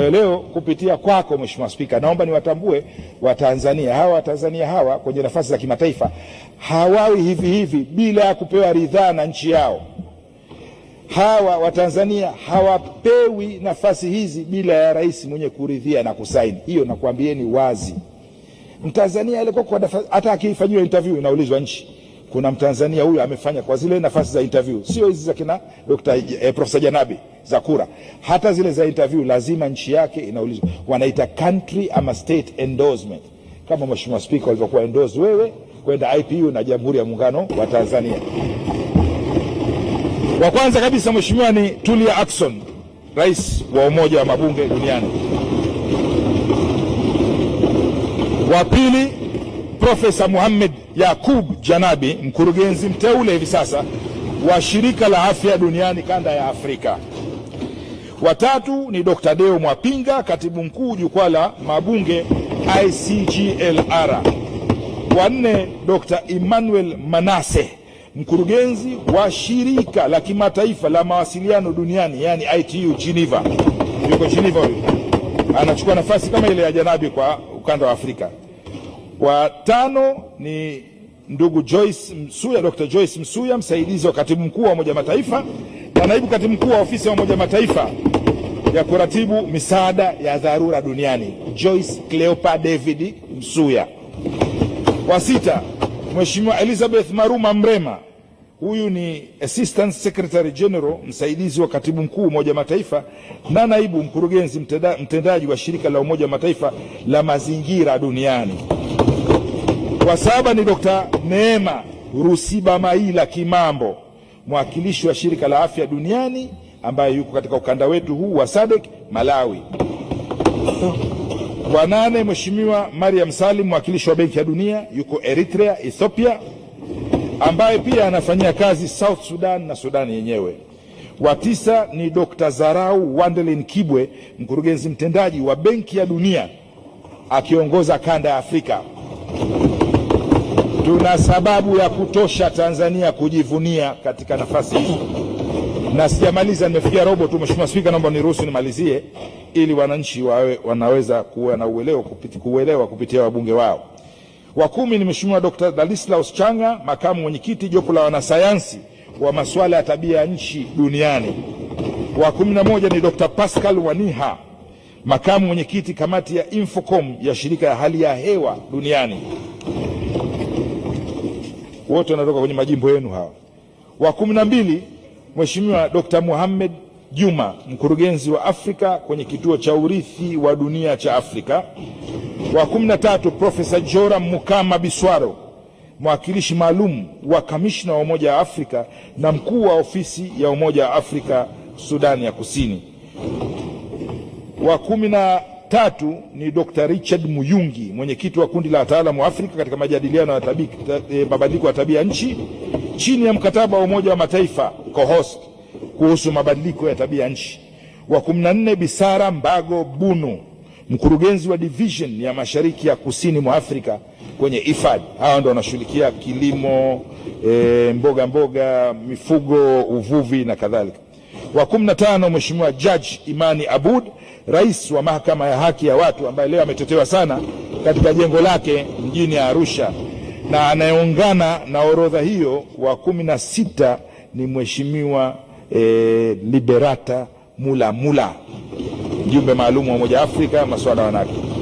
Eh, leo kupitia kwako Mheshimiwa Spika, naomba niwatambue Watanzania hawa. Watanzania hawa kwenye nafasi za kimataifa hawawi hivi hivi bila ya kupewa ridhaa na nchi yao. Hawa Watanzania hawapewi nafasi hizi bila ya rais mwenye kuridhia na kusaini. Hiyo nakwambieni wazi, Mtanzania alikuwa hata akifanyiwa interview inaulizwa nchi kuna Mtanzania huyu amefanya kwa zile nafasi za interview, sio hizi za kina Dr. eh, Profesa Janabi za kura, hata zile za interview lazima nchi yake inaulizwa, wanaita country ama state endorsement, kama Mheshimiwa Spika alivyokuwa endorse wewe kwenda IPU na Jamhuri ya Muungano wa Tanzania. Wa kwanza kabisa Mheshimiwa ni Tulia Ackson, rais wa Umoja wa Mabunge Duniani. Wa pili Profesa Muhammad Yakub Janabi, mkurugenzi mteule hivi sasa wa shirika la afya duniani kanda ya Afrika. Watatu ni Dr. Deo Mwapinga, katibu mkuu jukwaa la mabunge ICGLR. Wanne Dr. Emmanuel Manase, mkurugenzi wa shirika la kimataifa la mawasiliano duniani yani ITU Geneva. Yuko Geneva huyu, anachukua nafasi kama ile ya Janabi kwa ukanda wa Afrika wa tano ni ndugu Joyce Msuya, Dr. Joyce Msuya, msaidizi wa katibu mkuu wa Umoja Mataifa na naibu katibu mkuu wa ofisi ya Umoja Mataifa ya kuratibu misaada ya dharura duniani, Joyce Cleopa David Msuya. Wa sita, Mheshimiwa Elizabeth Maruma Mrema, huyu ni Assistant Secretary General, msaidizi wa katibu mkuu Umoja Mataifa na naibu mkurugenzi mtendaji wa shirika la Umoja Mataifa la mazingira duniani. Wa saba ni Dr. Neema Rusibamaila Kimambo, mwakilishi wa shirika la afya duniani ambaye yuko katika ukanda wetu huu wa SADC Malawi. Wa nane Mheshimiwa Mariam Salim, mwakilishi wa Benki ya Dunia, yuko Eritrea, Ethiopia, ambaye pia anafanyia kazi South Sudan na Sudan yenyewe. Wa tisa ni Dr. Zarau Wandelin Kibwe, mkurugenzi mtendaji wa Benki ya Dunia akiongoza kanda ya Afrika. Tuna sababu ya kutosha Tanzania kujivunia katika nafasi hii na sijamaliza, nimefikia robo tu. Mheshimiwa Spika, naomba niruhusu nimalizie ili wananchi wawe wanaweza kuwa na uelewa kupitia, kuelewa kupitia wabunge wao. Wa kumi ni Mheshimiwa Dr. Dalislaus Changa, makamu mwenyekiti jopo la wanasayansi wa masuala ya tabia ya nchi duniani. Wa kumi na moja ni Dr. Pascal Waniha, makamu mwenyekiti kamati ya Infocom ya shirika ya hali ya hewa duniani wote wanatoka kwenye majimbo yenu hawa. Wa kumi na mbili, Mheshimiwa Dr. muhamed Juma, mkurugenzi wa Afrika kwenye kituo cha urithi wa dunia cha Afrika. Wa kumi na tatu, Profesa Joram Mukama Biswaro, mwakilishi maalum wa kamishna wa Umoja wa Afrika na mkuu wa ofisi ya Umoja wa Afrika Sudani ya Kusini. Wa kumi na Tatu ni Dr. Richard Muyungi, mwenyekiti wa kundi la wataalamu wa Afrika katika majadiliano ya e, mabadiliko ya tabia nchi chini ya mkataba wa Umoja wa Mataifa COHOST kuhusu mabadiliko ya tabia nchi. Wa kumi na nne Bisara Mbago Bunu, mkurugenzi wa division ya mashariki ya kusini mwa Afrika kwenye IFAD. Hawa ndo wanashughulikia kilimo, e, mboga mboga, mifugo, uvuvi na kadhalika. Wa kumi na tano Mheshimiwa Judge Imani Abud rais wa mahakama ya haki ya watu ambaye leo ametetewa sana katika jengo lake mjini Arusha, na anayeungana na orodha hiyo wa kumi na sita ni mheshimiwa e, Liberata Mulamula, mjumbe maalum wa Umoja wa Afrika masuala ya wanawake.